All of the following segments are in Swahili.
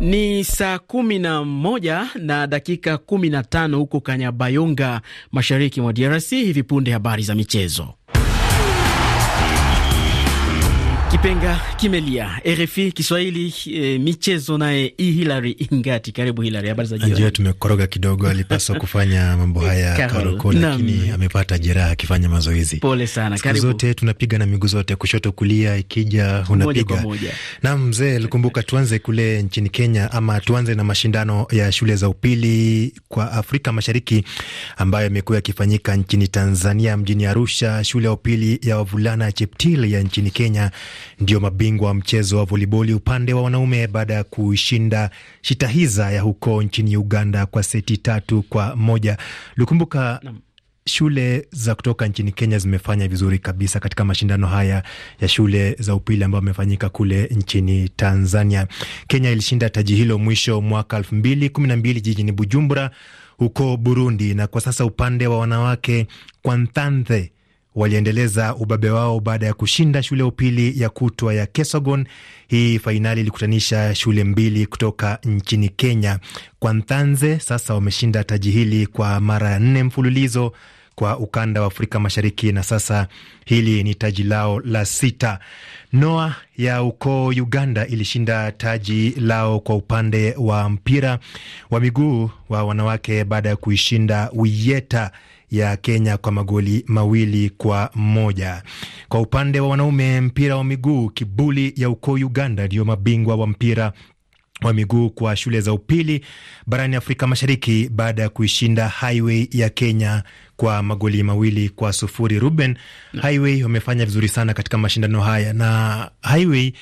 Ni saa kumi na moja na dakika kumi na tano huko Kanyabayonga, mashariki mwa DRC. Hivi punde habari za michezo. Kipenga kimelia. RFI Kiswahili e, michezo naye i Hilary Ingati. Karibu Hilary, habari za jioni. tumekoroga kidogo, alipaswa kufanya mambo haya Karoko, lakini amepata jeraha akifanya mazoezi. Pole sana. karibu zote tunapiga na miguu zote, kushoto kulia, ikija unapiga na mzee. Likumbuka tuanze kule nchini Kenya, ama tuanze na mashindano ya shule za upili kwa Afrika Mashariki ambayo yamekuwa yakifanyika nchini Tanzania, mjini Arusha. Shule ya upili ya wavulana Cheptil ya nchini Kenya ndio mabingwa wa mchezo wa voliboli upande wa wanaume baada ya kushinda Shitahiza ya huko nchini Uganda kwa seti tatu kwa moja. Likumbuka shule za kutoka nchini Kenya zimefanya vizuri kabisa katika mashindano haya ya shule za upili ambayo amefanyika kule nchini Tanzania. Kenya ilishinda taji hilo mwisho mwaka elfu mbili kumi na mbili jijini Bujumbura huko Burundi. Na kwa sasa upande wa wanawake, Kwanthanthe waliendeleza ubabe wao baada ya kushinda shule ya upili ya kutwa ya Kesogon. Hii fainali ilikutanisha shule mbili kutoka nchini Kenya. Kwanthanze sasa wameshinda taji hili kwa mara ya nne mfululizo kwa ukanda wa Afrika Mashariki na sasa hili ni taji lao la sita. Noa ya ukoo Uganda ilishinda taji lao kwa upande wa mpira wa miguu wa wanawake baada ya kuishinda Wiyeta ya Kenya kwa magoli mawili kwa moja. Kwa upande wa wanaume mpira wa miguu, kibuli ya ukoo Uganda ndiyo mabingwa wa mpira wa miguu kwa shule za upili barani Afrika Mashariki baada ya kuishinda Highway ya Kenya kwa magoli mawili kwa sufuri. Ruben, Highway wamefanya vizuri sana katika mashindano haya na Highway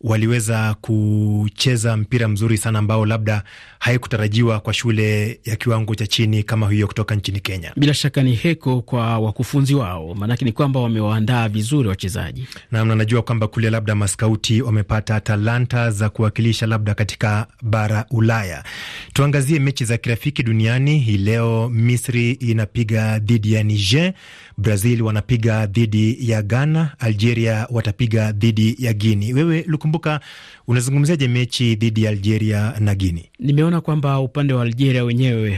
waliweza kucheza mpira mzuri sana ambao labda haikutarajiwa kwa shule ya kiwango cha chini kama hiyo kutoka nchini Kenya. Bila shaka ni heko kwa wakufunzi wao, maanake ni kwamba wamewaandaa vizuri wachezaji nam, anajua najua kwamba kule labda maskauti wamepata talanta za kuwakilisha labda katika bara Ulaya. Tuangazie mechi za kirafiki duniani hii leo. Misri inapiga dhidi ya Niger, Brazil wanapiga dhidi ya Ghana, Algeria watapiga dhidi ya Guini. Wewe Luka nakumbuka unazungumziaje mechi dhidi ya Algeria na guini Nimeona kwamba upande wa Algeria wenyewe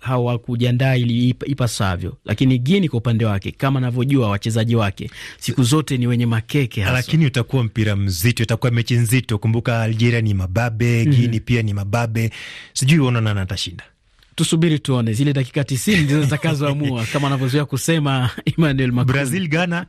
hawakujiandaa ili ipasavyo, lakini Guini kwa upande wake, kama anavyojua wachezaji wake siku zote ni wenye makeke haso. Lakini utakuwa mpira mzito, itakuwa mechi nzito. Kumbuka Algeria ni mababe, mhm. Guini mm -hmm. pia ni mababe, sijui uona nani atashinda. Tusubiri tuone, zile dakika tisini ndizo zitakazoamua kama anavyozoea kusema Emmanuel Macron. Brazil Ghana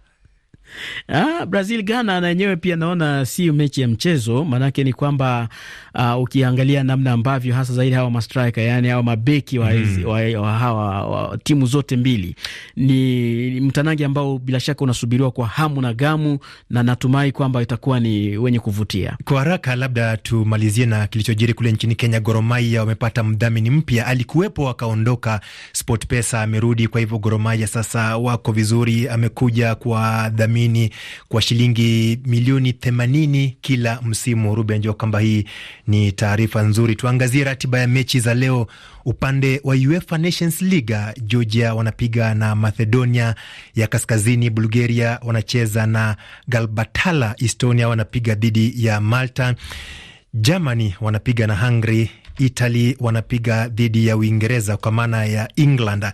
Ah, Brazil Ghana na yenyewe pia naona si mechi ya mchezo, maanake ni kwamba uh, ukiangalia namna ambavyo hasa zaidi hawa mastrika, yani hawa mabeki wa, mm. wa, wa, wa, wa timu zote mbili, ni ni mtanangi ambao bila shaka unasubiriwa kwa hamu na gamu, na natumai kwamba itakuwa ni wenye kuvutia. Kwa haraka, labda tumalizie na kilichojiri kule nchini Kenya. Gor Mahia wamepata mdhamini mpya, alikuwepo akaondoka, Sportpesa amerudi. Kwa hivyo Gor Mahia sasa wako vizuri, amekuja kwa dhami kudhamini kwa shilingi milioni themanini kila msimu. Ruben Njua kwamba hii ni taarifa nzuri. Tuangazie ratiba ya mechi za leo. Upande wa UEFA Nations League, Georgia wanapiga na Macedonia ya Kaskazini, Bulgaria wanacheza na Galbatala, Estonia wanapiga dhidi ya Malta, Germany wanapiga na Hungary Italy wanapiga dhidi ya Uingereza kwa maana ya England,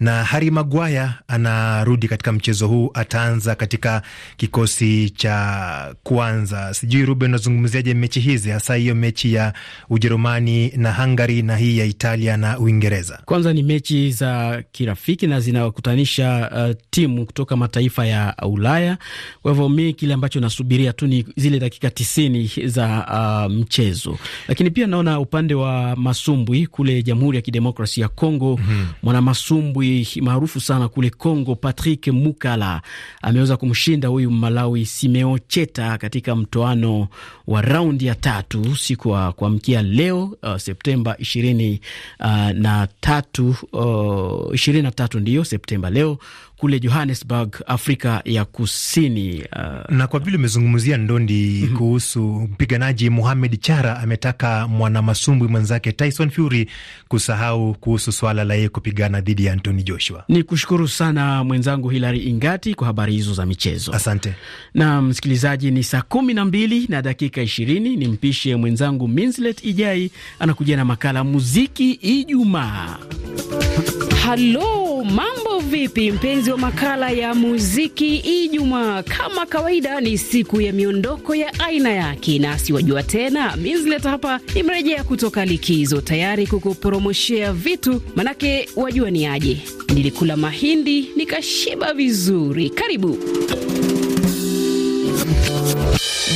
na Harry Maguire anarudi katika mchezo huu, ataanza katika kikosi cha kwanza. Sijui Ruben, unazungumziaje mechi hizi, hasa hiyo mechi ya Ujerumani na Hungary na hii ya Italia na Uingereza? Kwanza ni mechi za kirafiki na zinakutanisha uh, timu kutoka mataifa ya Ulaya. Kwa hivyo mi kile ambacho nasubiria tu ni zile dakika tisini za uh, mchezo, lakini pia naona upande wa wa masumbwi kule Jamhuri ya kidemokrasi ya congo mm -hmm. Mwanamasumbwi maarufu sana kule congo Patrick Mukala ameweza kumshinda huyu Malawi Simeo Cheta katika mtoano wa raundi ya tatu siku wa kuamkia leo uh, Septemba ishirini uh, na tatu uh, ishirini na tatu ndiyo Septemba leo kule Johannesburg, Afrika ya Kusini. Uh, na kwa vile umezungumzia ndondi mm -hmm. kuhusu mpiganaji muhamed Chara ametaka mwanamasumbwi mwenzake Tyson Fury kusahau kuhusu swala la yeye kupigana dhidi ya Anthony Joshua. Ni kushukuru sana mwenzangu Hilary Ingati kwa habari hizo za michezo. Asante na msikilizaji, ni saa kumi na mbili na dakika ishirini. Ni mpishe mwenzangu Minslet Ijai anakuja na makala muziki Ijumaa. Halo, mambo vipi, mpenzi wa makala ya muziki Ijumaa. Kama kawaida, ni siku ya miondoko ya aina yake, nasi wajua tena Mislet hapa imerejea kutoka likizo, tayari kukupromoshea vitu, manake wajua ni aje, nilikula mahindi nikashiba vizuri. Karibu.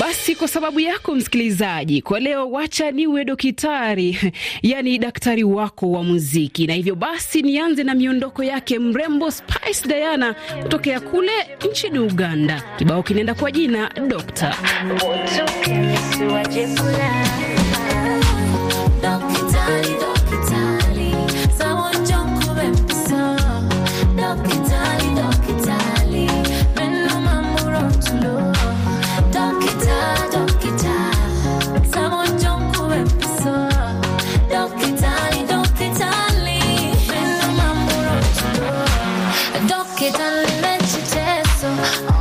Basi kwa sababu yako msikilizaji, kwa leo wacha niwe dokitari, yani daktari wako wa muziki, na hivyo basi nianze na miondoko yake mrembo Spice Diana kutokea kule nchini Uganda. Kibao kinaenda kwa jina Dokta. che dalle menti cesso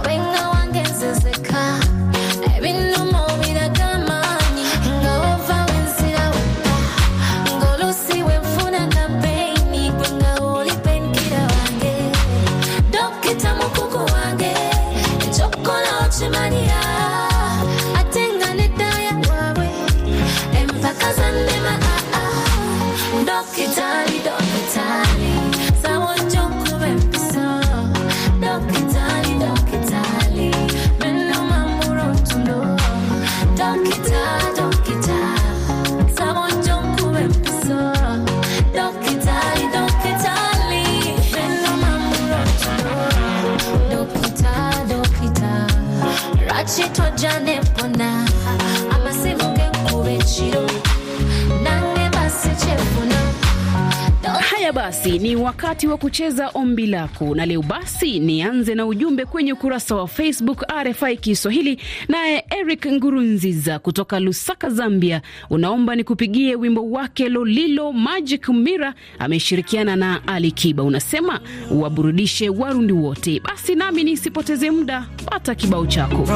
Haya basi, ni wakati wa kucheza ombi lako, na leo basi nianze na ujumbe kwenye ukurasa wa Facebook RFI Kiswahili. Naye Eric Ngurunziza kutoka Lusaka, Zambia, unaomba nikupigie wimbo wake Lolilo Magic Mira ameshirikiana na Ali Kiba. Unasema waburudishe Warundi wote. Basi nami nisipoteze muda, pata kibao chako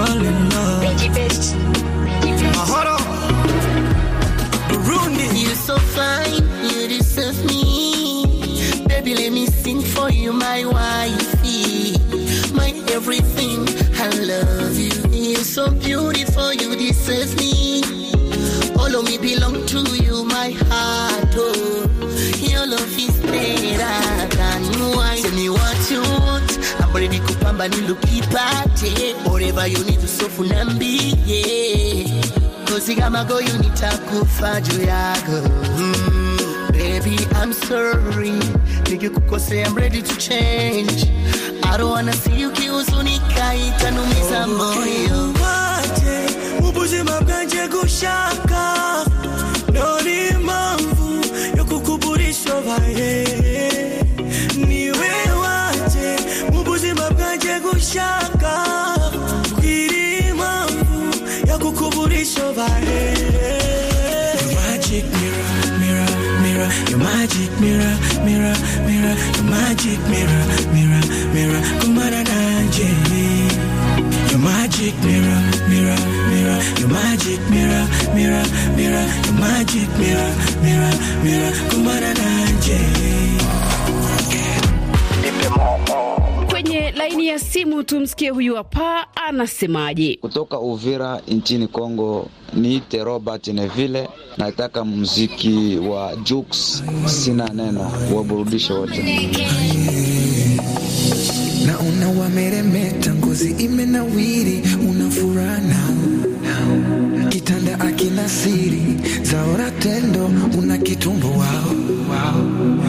You're so fine. for you, my wife, my everything. I love you. You're so beautiful, you deserve me. All of me belong to you, my heart. Oh, your love is better than wine. Tell me what you want, I'm ready to abaridi kupamba nilukipate. Whatever you need, nambi. Yeah, cause usofunambie. Kozi you need to juu yako mm. Baby, I'm sorry. Nikikukosea, I'm ready to change. I don't wanna see you kihuzunika, itanumiza oh, moyo. Wache ubuzima bwanje gushaka none impamvu yo kukuburisha baye niwe mirror, your magic mirror, mirror, mirror, your magic mirror, mirror, mirror, kumana nanje. Your magic mirror, mirror, mirror, your magic mirror, mirror, mirror, your magic mirror, mirror, mirror, kumana nanje. laini ya simu, tumsikie huyu hapa anasemaje, kutoka Uvira nchini Kongo. Niite Robert Neville, nataka muziki wa Jux, sina neno, waburudishe wote Naona wameremeta, ngozi imenawiri, una furana kitanda akina siri zaora tendo, una kitumbo wao wow.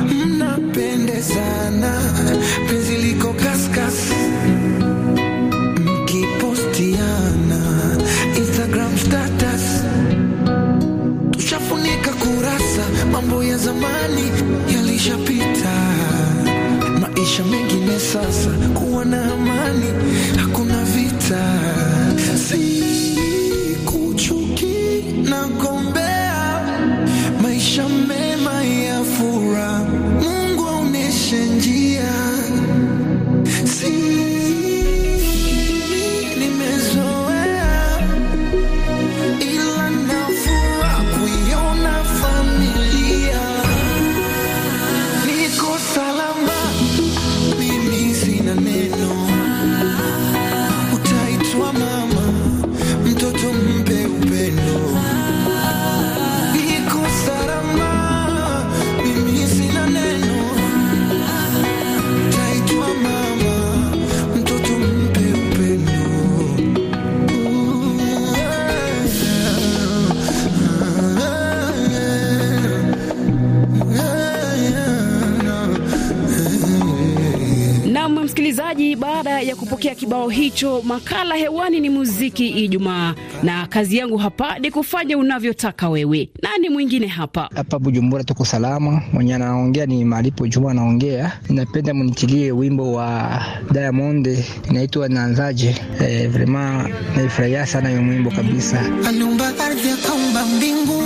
kibao hicho. Makala hewani ni muziki Ijumaa, na kazi yangu hapa ni kufanya unavyotaka wewe. Nani mwingine hapa hapa? Bujumbura tuko salama, mwenye anaongea ni Malipo Juma anaongea. Napenda mnitilie wimbo wa Diamond inaitwa Nanzaje. Eh, vrema naifurahia sana hiyo mwimbo kabisa. Aliumba ardhi akaumba mbingu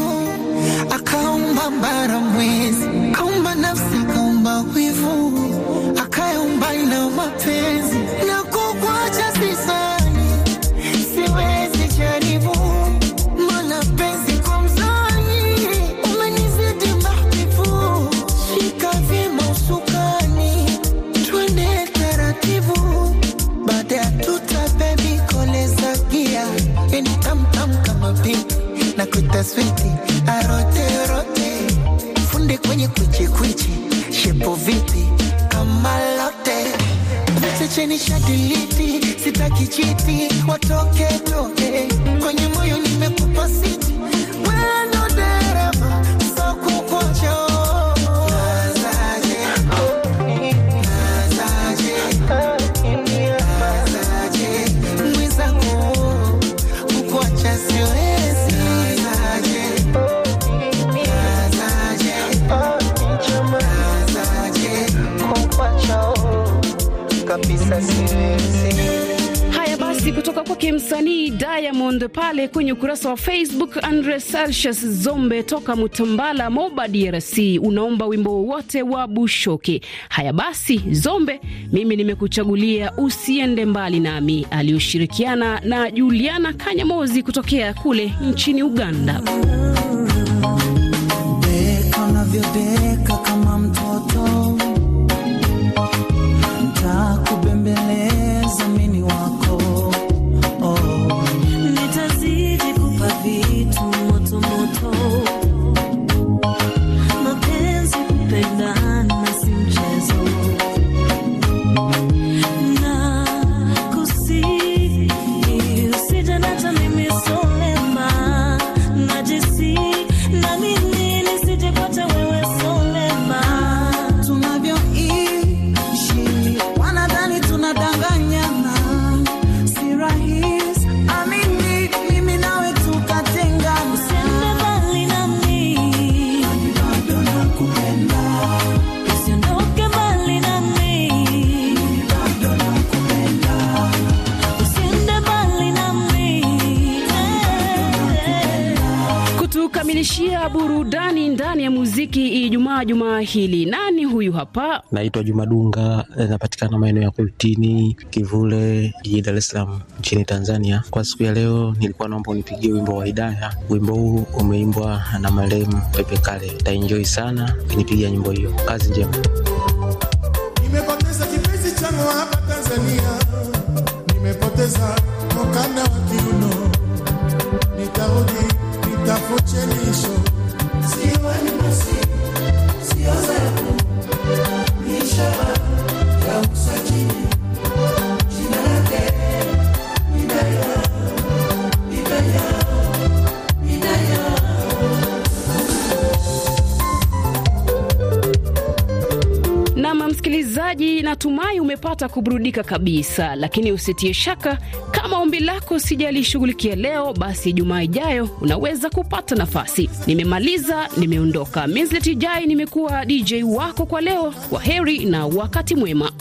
akaumba mwezi ujumbe pale kwenye ukurasa wa Facebook. Andre Celsius Zombe toka Mutambala, Moba, DRC, unaomba wimbo wowote wa Bushoke. Haya basi, Zombe, mimi nimekuchagulia usiende mbali nami, aliyoshirikiana na Juliana Kanyamozi kutokea kule nchini Uganda. jumaa hili. Nani huyu hapa? Naitwa Juma Dunga, napatikana maeneo ya Kultini, Kivule, jijini Dar es Salaam nchini Tanzania. Kwa siku ya leo, nilikuwa naomba unipigie wimbo wa Hidaya. Wimbo huu umeimbwa na marehemu Pepe Kale. Taenjoy sana ukinipigia nyimbo hiyo. Kazi njema. Nimepoteza kipenzi changu hapa Tanzania, nimepoteza ukanda wa kiuno, nitarudi nitafute lisho Natumai umepata kuburudika kabisa, lakini usitie shaka kama ombi lako sijalishughulikia leo, basi Ijumaa ijayo unaweza kupata nafasi. Nimemaliza, nimeondoka. Mizleti Jai, nimekuwa DJ wako kwa leo. Kwa heri na wakati mwema.